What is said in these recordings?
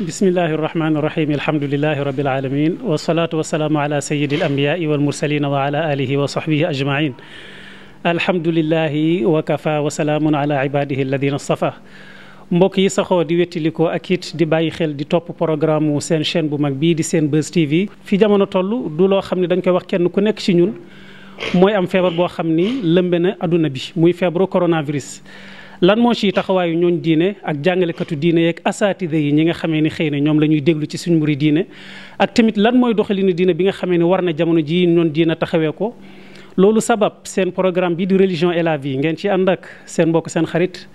bismillahi irrahmani irrahim alhamdulilahi rabil alamin wasalatu wasalaamu ala sayidi alambiyai walmursalina wa ala alihi wa sahbihi ajmain alhamdulilahi wa kafa wa salaamun ala ibadihi alladina stafa mbokk yi saxoo di wettilikoo ak it di bàyyi xel di topp programme wu seen chaîne bu mag bii di seen Buzz TV fi jamono toll du loo xam ne dañ koy wax kenn ku nekk ci ñun mooy am feebar boo xam ni lëmbe na adduna bi muy feebaru coronavirus lan moo ciy taxawaayu ñooñ diine ak jàngalekatu diine yeeg asaatide yi ñi nga xamee ni xëy na ñoom lañuy ñuy déglu ci suñ mbiri diine ak tamit lan mooy doxalinu diine bi nga xamee ni war na jamono ji ñoon diine taxawee ko loolu sabab seen programme bi di religion et la vie ngeen ci ànd ak seen mbokk seen xarit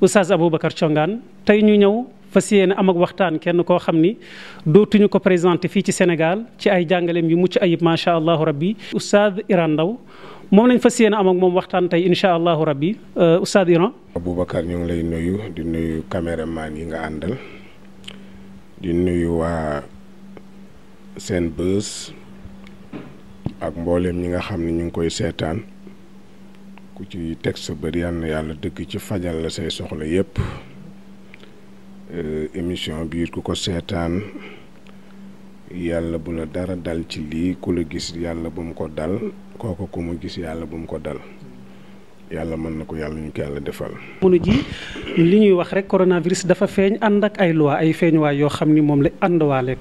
Oustaz Aboubacar congaan tey ñu ñëw fas yéene am ak waxtaan kenn koo xam ni dootuñu ko présenté fii ci Sénégal ci ay jàngaleem yu mucc ayib macha allah rabbi Oustaz Iran Ndao moom lañ fas yéene am moom waxtaan tey incha allahu rabbi euh, oustaz Iran. bakar ñu ngi lay nuyu di nuyu caméraman yi nga àndal di nuyu waa seen bës ak mboolem ñi nga xam ne ñu ngi koy seetaan ku ci teg sa bër yal na yàlla dëgg ci fajal la say soxla yépp euh, émission biir ku ko seetaan. yàlla bu la dara dal ci lii ku yàlla bu ko dal kooku ku mu gis yàlla bu mu ko dal mën na ko yàlla ñu ko yàlla defal. munu ji li ñuy wax rek coronavirus dafa feeñ ànd ak ay loi ay feeñuwaay yoo xam ni moom la ànduwaaleeg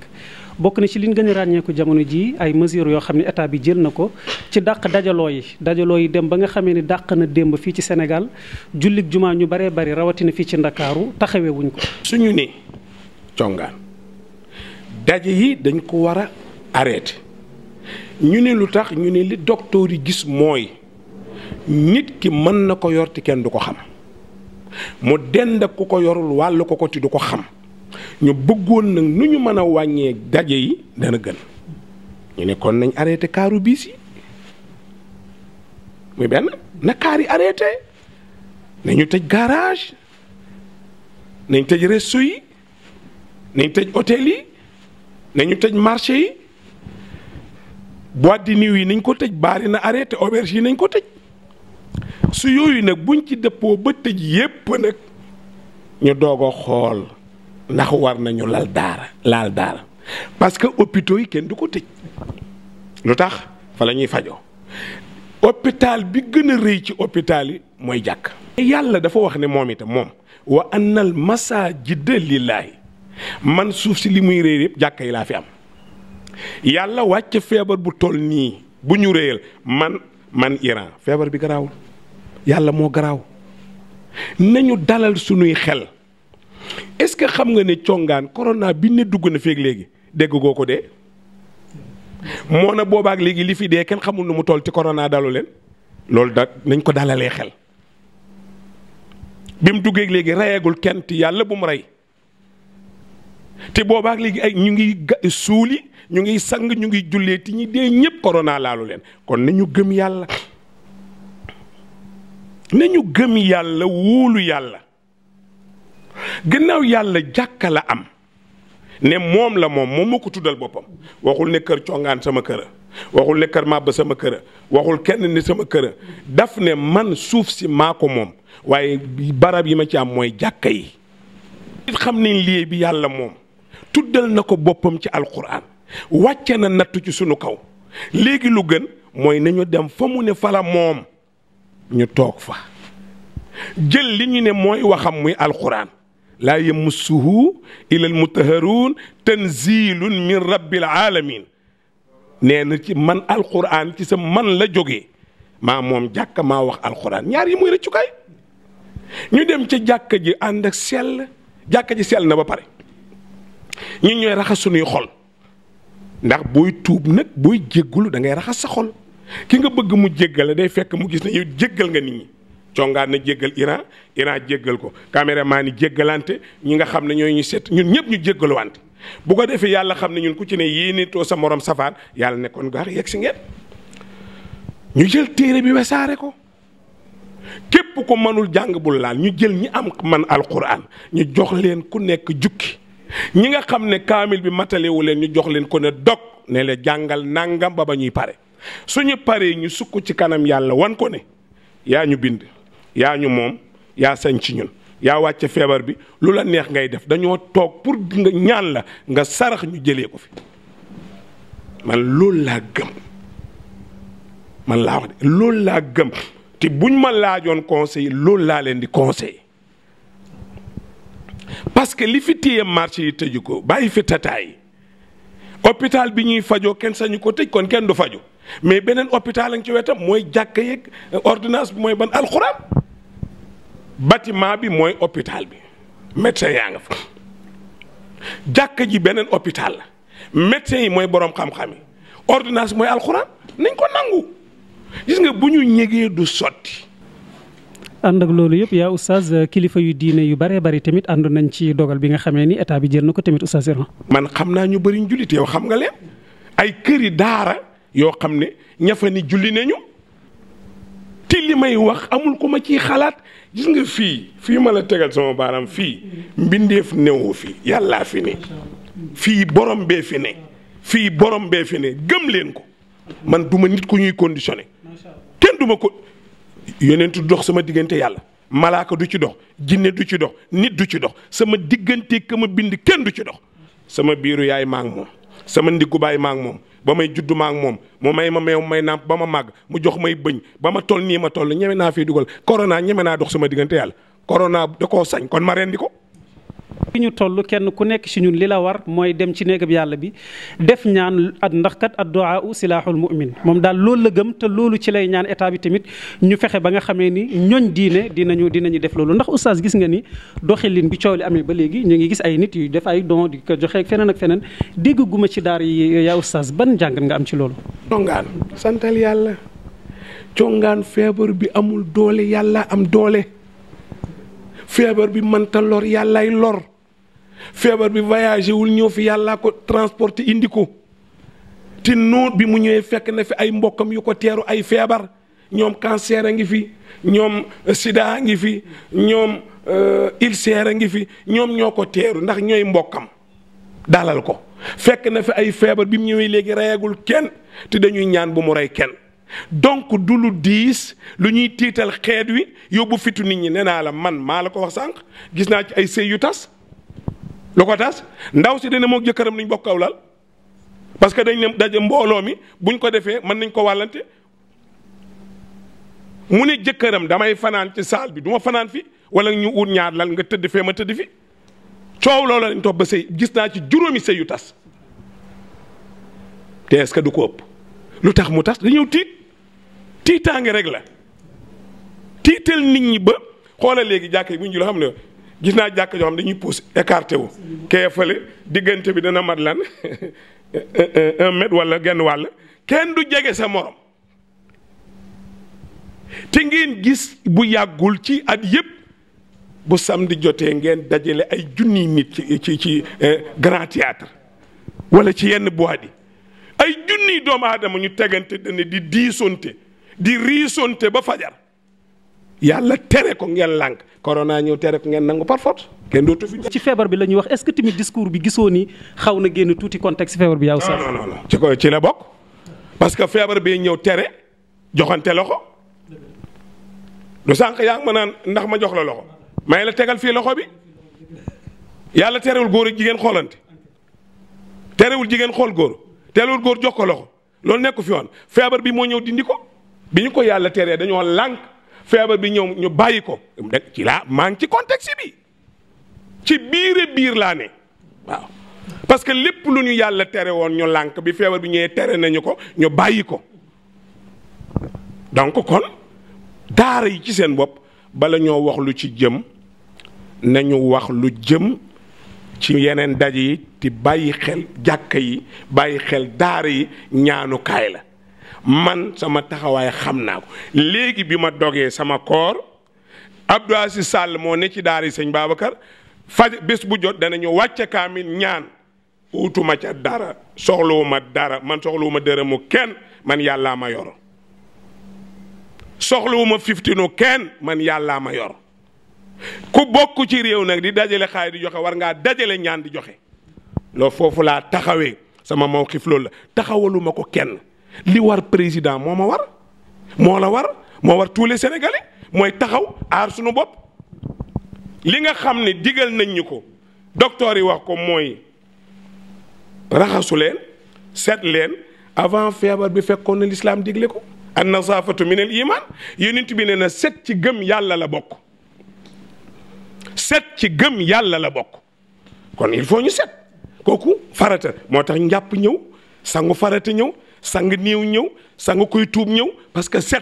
bokk na ci li ñu gën a ràññeeku jamono ji ay mesures yoo xam ne état bi jël na ko ci dàq dajaloo yi dajaloo yi dem ba nga xamee ni dàq na démb fii ci senegal jullit jumaa ñu baree bari rawatina fii ci ndakaaru taxawewuñ ko. suñu ne congaan daje yi dañ ko war a arrêté ñu ne lu tax ñu ne li docteur yi gis mooy nit ki mën na ko yor te kenn du ko xam mu dend ku ko yorul wàll ko ko ti du ko xam ñu bëggoon nag nu ñu mën a wàññee daje yi dana gën ñu ne kon nañ arrêté kaaru biis yi muy benn na kaar yi arrêté nañu tëj garage nañ tëj resto yi nañ tëj hôtel yi nañu tëj marché yi boîte de nuit yi nañ ko tëj baari na arrêté auberge yi nañ ko tëj su yooyu nag buñ ci dëppoo ba tëj yépp nag ñu doog a xool ndax war nañu lal daara laal daara parce que hôpitaux yi kenn du ko tëj lu tax fa la ñuy fajoo hôpital bi gën a rëy ci hôpital yi mooy jàkk yàlla dafa wax ne moom itam moom wa annal masaajida lillaahi man suuf si li muy réer yëpp jàkka yi laa fi am yàlla wàcc feebar bu tol nii bu ñu réyal man man Iran feebar bi garaawul yàlla moo garaaw nañu dalal sunuy xel est-ce que xam nga ne congaan corona bi ne dugg na feeg léegi dégg goo ko dee moo na boobaak léegi li fi dee kenn xamul nu mu toll ci corona dalu leen loolu da nañ ko dalalee xel bi mu duggee léegi rayagul kenn ti yàlla bu mu rey te boobaak léegi ay ñu ngi suuli ñu ngi sang ñu ngi jullee ti ñi dee ñëpp corona laalu leen kon ñu gëm yàlla ñu gëm yàlla wóolu yàlla gannaaw yàlla jàkka la am ne moom la moom moom moo ko tuddal boppam waxul ne kër congaan sama kër a waxul ne kër màbb sama kër a waxul kenn ni sama kër a daf ne man suuf si maa ko moom waaye barab yi ma ci am mooy jàkka yi. xam nañ lii bi yàlla moom. tuddal na ko boppam ci alxuraan wàcce na nattu ci sunu kaw léegi lu gën mooy nañu dem fa mu ne fala moom ñu toog fa jël li ñu ne mooy waxam muy alquran laa yamassuhu illa almutahharuun tanzilun min rabbil alamin nee na ci man alquran ci sa man la jóge maa moom jàkk maa wax alquran ñaar yi muy rëccukaay ñu dem ca jàkka ji ànd ak sell jàkka ji sell na ba pare ñun ñooy raxas suñuy xol ndax booy tuub nag booy jéggulu da ngay raxas sa xol ki nga bëgg mu jéggale day fekk mu gis ne yow jéggal nga nit ñi congaan na jéggal Iran Iran jéggal ko caméraman yi jéggalante ñi nga xam ne ñoo ñu set ñun ñëpp ñu wante bu ko defee yàlla xam ne ñun ku ci ne yéenitoo sa morom safaan yàlla nekkoon gaar yegg si ngeen ñu jël téere bi wesaare ko képp ko mënul jàng bul laal ñu jël ñi am man alquran ñu jox leen ku nekk jukki ñi nga xam ne kaamil bi matalewu leen ñu jox leen ko ne dog ne la jàngal nàngam ba ba ñuy pare suñu paree ñu sukk ci kanam yàlla wan ko ne yaa ñu bind yaa ñu moom yaa sañ ci ñun yaa wàcce feebar bi lu la neex ngay def dañoo toog pour nga ñaan la nga sarax ñu jëlee ko fi man loolu laa gëm man laa wax de loolu laa gëm te buñ ma laajoon conseil loolu laa leen di conseil parce que li fi téye marché yi tëju ko bàyyi fi tataay hôpital bi ñuy fajoo kenn sañu ko tëj kon kenn du faju mais beneen hôpital a ci wetam mooy jàkka yeeg ordonnance bi mooy ban alxuraan bâtiment bi mooy hôpital bi médecin yaa nga fa jàkka ji beneen hôpital la médecin yi mooy borom xam-xam yi ordonnance mooy alxuraan nañ ko nangu gis nga bu ñu ñëgee du sotti. ànd ak loolu yëpp yaa oustaz euh, kilifa yu diine yu bëree bëri tamit ànd nañ ci dogal bi nga xamee ni état bi jël na ko tamit oustaz Serigne. man xam naa ñu bëriñ jullit yow xam nga leen ay këri daara yoo xam ne ñafa ni julli nañu te li may wax amul ko ma ciy xalaat gis nga fii fii ma la tegal sama baaraam fii mbindeef newu fi yàllaa fi ne fii borom bee fi ne fii borom bee fi ne gëm leen ko man duma nit ku ñuy conditionné kenn duma ko. yonent du dox sama diggante yàlla malaaka du ci dox jinne du ci dox nit du ci dox sama diggante ka ma bind kenn du ci dox sama biiru yaay maa ngi moom sama ndiggu baay maa moom ba may juddu maa moom mu may ma meew may nàmp ba ma màgg mu jox may bëñ ba ma toll nii ma toll ñeme naa fii dugal corona ñeme naa dox sama diggante yàlla korona da koo sañ kon ma rendi ko fi ñu toll kenn ku nekk ci ñun li la war mooy dem ci néegab yàlla bi def ñaan at ndax kat ad duaa u silaaxul mu'min moom daal loolu la gëm te loolu ci lay ñaan état bi tamit ñu fexe ba nga xamee ni ñoñ diine dinañu dinañu def loolu ndax oustaz gis nga ni doxalin bi coow li amee ba léegi ñu ngi gis ay nit yu def ay don di ko joxe feneen ak feneen dégg guma ci daar yi yaa oustaz ban njàngat nga am ci loolu congaan santal yàlla congaan feebar bi amul doole yàlla am doole feebar bi mënta lor yàllaay lor feebar bi voyagé wul ñëw fi yàllaa ko transporté indi ko te noot bi mu ñëwee fekk na fi ay mbokkam yu ko teeru ay feebar ñoom cancer a ngi fi ñoom euh, sida a ngi fi ñoom euh, ulcère a ngi fi ñoom ñoo ko teeru ndax ñooy mbokkam dalal ko fekk na fi ay feebar bi mu ñëwee léegi reyagul kenn te dañuy ñaan bu mu rey kenn donc du lu diis lu ñuy tiital xeet wi yóbbu fitu nit ñi nee naa la man maa la ko wax sànq gis naa ci ay sëy yu tas lu ko tas ndaw si dana moo jëkkëram luñ bokk awlal parce que dañ ne daje mbooloo mi buñ ko defee mën nañ ko wàllante mu ne jëkkëram damay fanaan ci saal bi du ma fanaan fi wala ñu ut ñaar lal nga tëdd fee ma tëdd fi coow loola lañ topp ba sëy gis naa ci juróomi sëy yu tas te est-ce que du ko ëpp lu tax mu tas dañu tiit tiitaange rek la tiital nit ñi ba xoola léegi jàkk yi bu ñu jullee xam ne gis naa jàkk joo xam dañuy pousse écarté wu kee fële diggante bi dana mat lan un mètre wala genn wàll kenn du jege sa morom te ngeen gis bu yàggul ci at yëpp bu sam di jotee ngeen dajale ay junniy nit ci ci ci eh, grand théâtre wala ci yenn bois di ay junniy doomu aadama ñu tegante dana di diisonte di riisonte ba fajar yàlla tere ko ngeen lànk corona ñëw tere ko ngeen nangu par fot kenn dootu fi. ci feebar bi la ñuy wax est-ce que tamit discours bi gisoo ni xaw na génn tuuti contexte feebar bi. yaw sax non non ci ko ci la bokk parce que feebar bi ñëw tere joxante loxo du sànq yaa ngi ma naan ndax ma jox la loxo may la tegal fii loxo bi yàlla terewul góor ak jigéen xoolante terewul jigéen xool góor terewul góor jox ko loxo loolu nekku fi woon feebar bi moo ñëw dindi ko. bi ñu ko yàlla teree dañoo lànk feebar bi ñëw ñu bàyyi ko ci laa maa ngi ci contexte bi ci biire biir laa ne waaw parce que lépp lu ñu yàlla tere woon ñu lànk bi feebar bi ñëwee tere nañu ko ñu bàyyi ko donc kon daara yi ci seen bopp bala ñoo wax lu ci jëm nañu wax lu jëm ci yeneen daje yi te bàyyi xel jàkka yi bàyyi xel daara yi ñaanukaay la man sama taxawaay xam naa ko léegi bi ma dogee sama koor Abdou Aziz Sall moo ne ci daari sëñ Babacar faj bés bu jot dana danañu wàcce kaamil ñaan utuma ca dara soxlawuma dara man soxlawuma dërëmu kenn man yàllaa ma yor soxlawuma fiftinu kenn man yàllaa ma yor ku bokk ci réew nag di dajale xaay di joxe war ngaa dajale ñaan di joxe loo foofu laa taxawee sama mawxif loolu la taxawaluma ko kenn li war président moo ma war moo la war moo war tous les mooy taxaw aar suñu bopp. li nga xam ne digal nañ ñu ko docteur yi wax ko mooy raxasu leen seet leen avant feebar bi fekkoon na lislaam digle ko. an nasaafatu min al iman yonent bi ne na set ci gëm yàlla la bokk set ci gëm yàlla la bokk kon il faut ñu set kooku farata moo tax njàpp ñëw sangu farata ñëw. sang niiw ñëw sang kuy tuub ñëw parce que set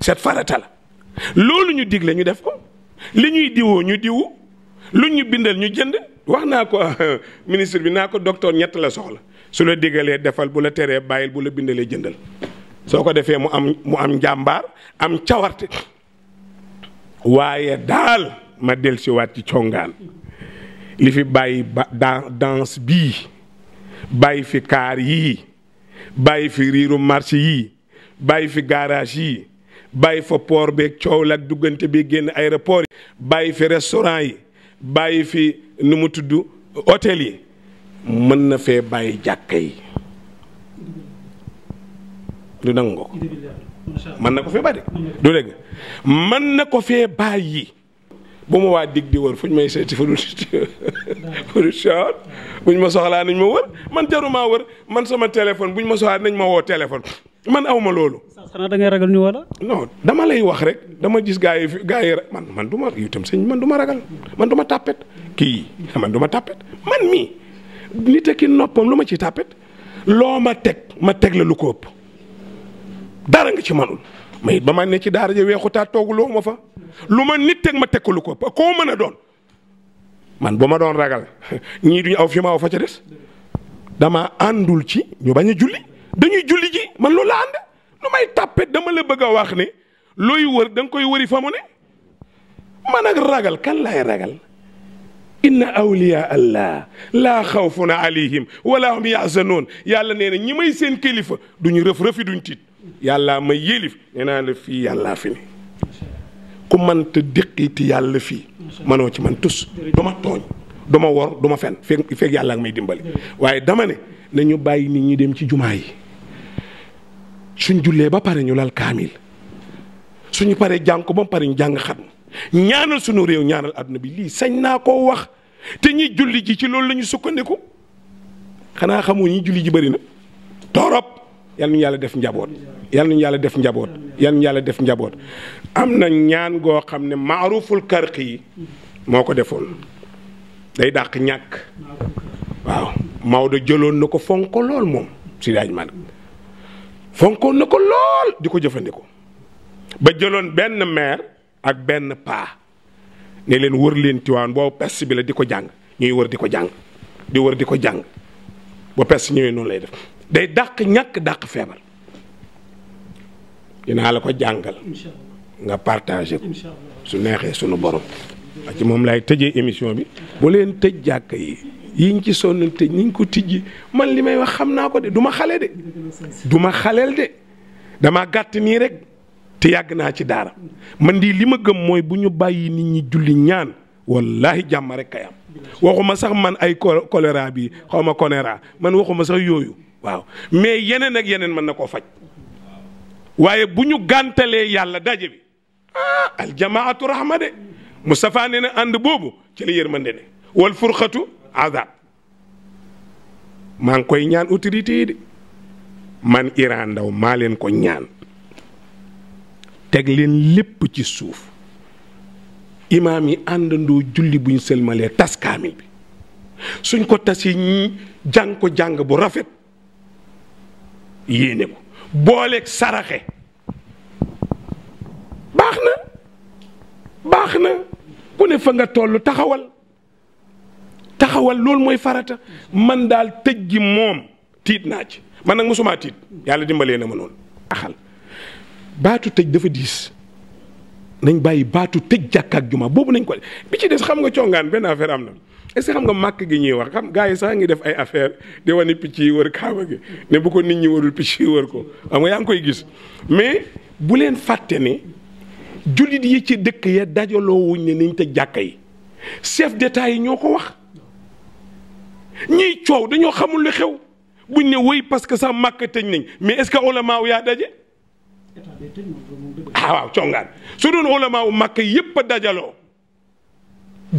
set farata loolu ñu digle ñu def ko li ñuy diwoo ñu diwu lu ñu bindal ñu jënd wax naa ko ministre bi naa ko docteur ñett la soxla su la digalee defal bu la teree bàyyil bu la bindalee jëndal soo ko defee mu am mu am njàmbaar am cawarte waaye daal ma dellusiwaat ci congaan li fi bàyyi ba danse bii bàyyi fi kaar yii bàyyi fi riiru marché yii bàyyi fi garage yi bàyyi fa port beeg coow la ak duggante bi génn aéroport yi bàyyi fi restaurant yi bàyyi fi nu mu tudd hôtel yi mën na fee bàyyi jàkka yi du na ko fee bàyyi na ko fee bàyyi bu ma waa dig di wër fu ñu may seeti fu du fu buñ ma soxlaa nañ ma wër man jarumaa wër man sama téléphone buñ ma soxlaa nañ ma woo téléphone man awma loolu. xanaa da ngay ragal ñu wala. non dama lay wax rek dama gis gaa yi gaa yi man man du ma itam sëñ man du ma ragal man du ma tàppet kii man du ma tàppet man mii nit a ki noppam lu ma ciy tàppet loo ma teg ma teg la lu ko ëpp dara nga ci manul mais ba ma ne ci daara ja weexu taa toogu loo ma fa lu ma nit teg ma teg ko lu ko ëpp koo mën a doon. man bu ma doon ragal ñii duñ aw fi ma aw fa ca des dama àndul ci ñu bañ a julli dañuy julli ji man loolu la ànd lu may tàppe dama la bëgg a wax ni looy wër da koy wëri fa mu ne man ak ragal kan laay ragal inna awliya allah laa xawfun alayhim wala hum yaxzanoon yàlla nee na ñi may seen kilifa duñu rëf rëfi duñ tiit yàlla ma yélif nee naa la fii yàlla fi ne ku mënta déqiti yàlla fii mënoo ci man tus du ma tooñ du ma wor du fen feeg feeg yàlla ak may dimbali waaye dama ne nañu bàyyi nit ñi dem ci jumaa yi suñ jullee ba pare ñu lal kaamil suñu paree jàng ko ba mu pare ñu jàng xam ñaanal suñu réew ñaanal àdduna bi lii sañ naa ko wax te ñi julli ji ci loolu la sukkandiku xanaa xamoo ñi julli ji bari na torop yal nañu yàlla def njaboot yal nañu yàlla def njaboot yal nañu yàlla def njaboot am na ñaan goo xam ne maaruful karqi yi moo ko defoon day dàq ñàkk waaw Maodo jëloon na ko fonk lool moom si daaj man fonkoon na ko lool di ko jëfandikoo ba jëloon benn maire ak benn paa ne leen wër leen Tiwaawan boobu pes bi la di ko jàng ñuy wër di ko jàng di wër di ko jàng ba pes ñëwee noonu lay def day dàq ñàkk dàq feebar dinaa la ko jàngal nga partagé ko su neexee sunu borom ak ci moom laay tëjee émission bi bu tëj jàkka yi yiñ ci sonn tëj niñ ko tijji man li may wax xam naa ko de du xale de du ma xaleel de dama gàtt nii rek te yàgg naa ci daara man di li ma gëm mooy bu ñu bàyyi nit ñi julli ñaan wallahi jàmm rek kay am waxuma sax man ay choléra bi xaw ma choléra man waxuma sax yooyu waaw mais yeneen ak yeneen mën na koo faj waaye bu ñu gàntalee yàlla daje bi ah aljamaatu rahma de Moustapha nee na ànd boobu ci la yërmande ne wal furqatu azab maa ngi koy ñaan autorité yi de man Iran Ndao maa leen ko ñaan teg leen lépp ci suuf imaam yi àndandoo julli bu ñu sëlmalee tas kaamil bi suñ ko tas yi jàng ko jàng bu rafet yéene ko booleeg saraxe baax na baax na ku ne fa nga toll taxawal taxawal loolu mooy farata man daal tëj gi moom tiit naa ci man nag mosumaa tiit yàlla dimbalee na ma noonu axal baatu tëj dafa diis nañ bàyyi baatu tëj jàkkaak juma boobu nañ ko bi ci des xam nga congaan benn affaire am na est-ce xam nga màkk gi ñuy wax xam gars yi sax ngi def ay affaire di wane picc yi wër kaaba gi ne bu ko nit ñi warul picc yi wër ko xam nga yaa ngi koy gis mais bu leen fàtte ne jullit yi ci dëkk ya dajaloo wuñ ne niñ te jàkka yi chef yi ñoo ko wax ñiy coow dañoo xamul lu xew buñ ne wéy parce que sax màkk tëj nañ mais est-ce que ulama yaa daje. ah waaw congaan su doon ulama wu màkk yépp dajaloo.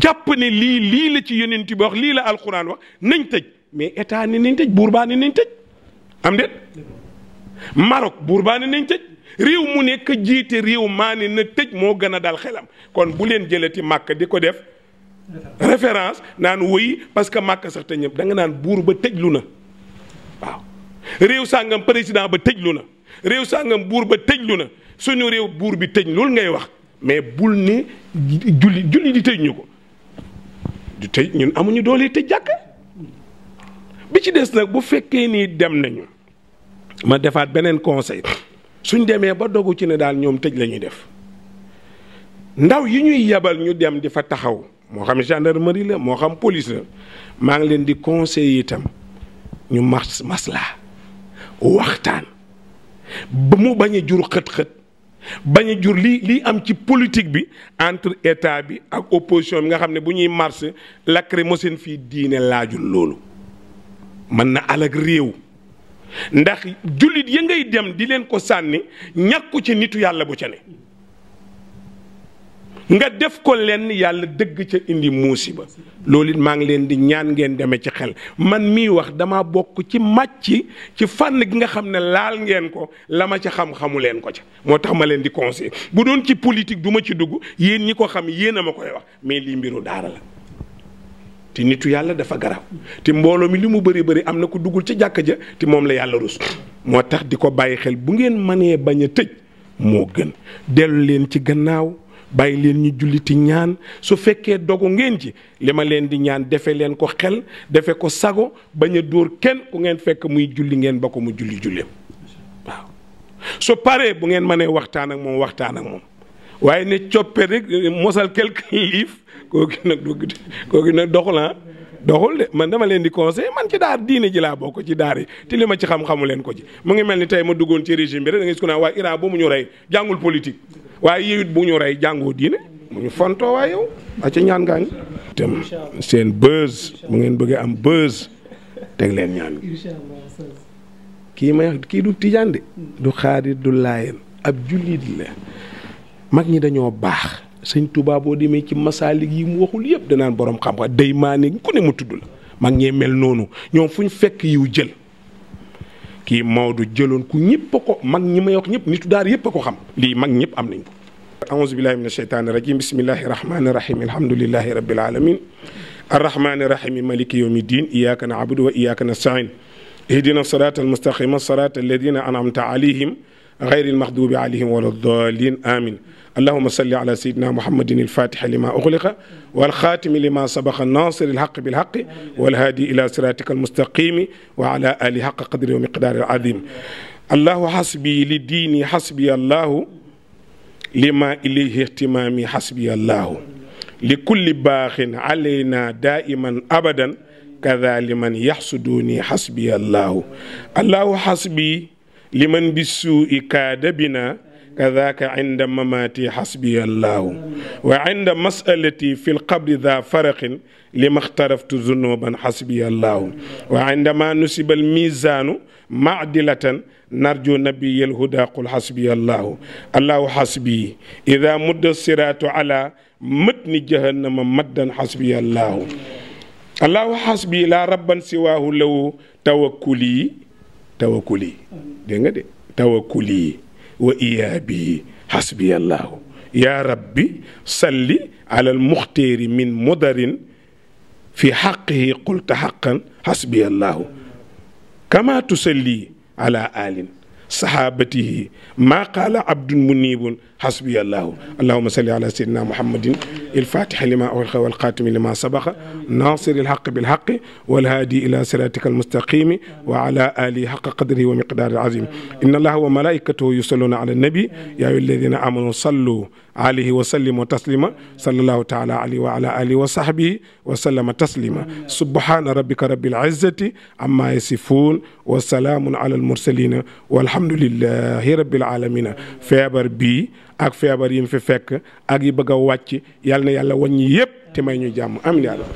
jàpp ni lii lii la ci yonent bi wax lii la alxuraan wax nañ tëj mais état ni nañ tëj buur baa ni nañ tëj am déet Maroc buur baa ni nañ tëj réew mu nekk jiite réew maa ne na tëj moo gën a daal xelam kon bu leen ti màkk di ko def référence naan woy parce que màkk sax te ñëpp da nga naan buur ba tëjlu na waaw réew sàngam président ba tëjlu na réew sàngam buur ba tëjlu na suñu réew buur bi tëj loolu ngay wax mais bul ni julli julli di tëj ñu ko du tëj ñun amuñu doole te jàkk bi ci des nag bu fekkee nii dem nañu ma defaat beneen conseil suñ demee ba dogu ci ne daal ñoom tëj la ñuy def ndaw yi ñuy yebal ñu dem di fa taxaw moo xam gendarmerie la moo xam police la maa ngi leen di conseil itam ñu mas maslaa waxtaan ba mu bañ jur xët-xët bañ a jur lii lii am ci politique bi entre état bi ak opposition bi nga xam ne bu ñuy marche lacrymogène fii diine laajul loolu mën na alag réew ndax jullit ya ngay dem di leen ko sànni ñàkku ci nitu yàlla bu ca ne nga def ko lenn yàlla dëgg ca indi muusiba loolu it maa ngi leen di ñaan ngeen demee ci xel man mii wax dama bokk ci màcc ci fànn gi nga xam ne laal ngeen ko la ma ca xam-xamu leen ko ca moo tax ma leen di conseil bu doon ci politique du ma ci dugg yéen ñi ko xam yéen a ma koy wax mais lii mbiru daara la te nitu yàlla dafa garab te mbooloo mi li mu bëri bëri am na ko duggul ci jàkk ja te moom la yàlla rus moo tax di ko bàyyi xel bu ngeen mënee bañ a tëj moo gën dellu leen ci gannaaw bàyyi leen ñu ti ñaan su fekkee dogu ngeen ci li ma leen di ñaan defe leen ko xel defe ko sago bañ a dóor kenn ku ngeen fekk muy julli ngeen ba ko mu julli julleem waaw su paree bu ngeen mënee waxtaan ak moom waxtaan ak moom waaye ne coppe rek mosal quelques livres kooku nag du kooku nag doxul ah doxul de man dama leen di conseil man ci daar diine ji laa bokk ci daar yi te li ma ci xam-xamu leen ko ci mu ngi mel ni tey ma duggoon ci régime bi rek da nga gis waa Iran ba mu ñu rey jàngul politique waaye yow bu ñu rey jàngoo diine bu ñu fontoo waaye yow a ca ñaan ngaa ngi tam seen buzz bu ngeen bëggee am buzz teg leen ñaan kii may kii du tijaan de du xaadir du laayeen ab jullit la mag ñi dañoo baax sëñ Tuubaa boo demee ci masaalik yi mu waxul yëpp danaan boroom xam-xam day maa ne ku ne mu tudd la mag ñee mel noonu ñoom fu ñu fekk yiw jël kii Maodo jëloon ku ñëpp a ko mag ñi ma yokk ñëpp nitu daar yëpp a ko xam lii mag ñëpp am nañ ko aouzu billahi min asheytaani rajim bismillahi rahmani rahim alhamdulilahi rabbil alamin arrahmani rahimi maliki yawmi din iyaka naabudu wa iyaka nastain ihdina sirata almustaqima sirata alladina anamta alayhim gayri almaxdubi alayhim wala dalin amin allahuma salli ala sayidina muhammadin alfatixa lima uxliqa walxaatimi lima sabaqa nasir alxaq bilxaqi walhaadi ila siratika almustaqimi wa ala ali xaq qadri wa miqdaari aladim allahu xasbi li diini xasbi allahu lima ilayhi ihtimaami xasbi allahu li kulli baaxin alayna daiman abadan kada liman yaxsuduuni xasbi allahu allahu xasbi liman bisuui kaadabina kadaaka inda mamaati xasbiya allaahu wa inda masalati fi lqabri da faraqin li ma xtaraftu zunuban xasbiya allaahu wa indama nusiba almizaanu maadilatan narju nabiya alhuda qul xasbiya allaahu allaahu xasbi ida mudda siraatu ala matni jahannama maddan xasbiya allaahu allaahu xasbi laa rabban siwaahu lawu tawakkuli tawakkuli dégg nga de tawakkuli wa iyaa bii xasbiyallaahu yaa rabbi salli alal muxteeri min mudarin fi xaqihi qulta xaqan xasbiyallaahu kama tusalli ala alin saxaabatihi maa qaala abdun munibun xasbiyallaahu allahuma salli ala sayyidina muhammadin الفاتح لما أغلق والخاتم لما سبق ناصر الحق بالحق والهادي إلى صراطك المستقيم وعلى آله حق قدره ومقدار العظيم إن الله وملائكته يصلون على النبي يا أيها الذين آمنوا صلوا عليه وسلم وتسليما صلى الله تعالى عليه وعلى آله وصحبه وسلم تسليما سبحان ربك رب العزة عما يصفون وسلام على المرسلين والحمد لله رب العالمين feebar bii ak feebar yi mu fi fekk ak yi bëgg a wàcc yal na yàlla wàññi yépp te may ñu jàmm amin yàlla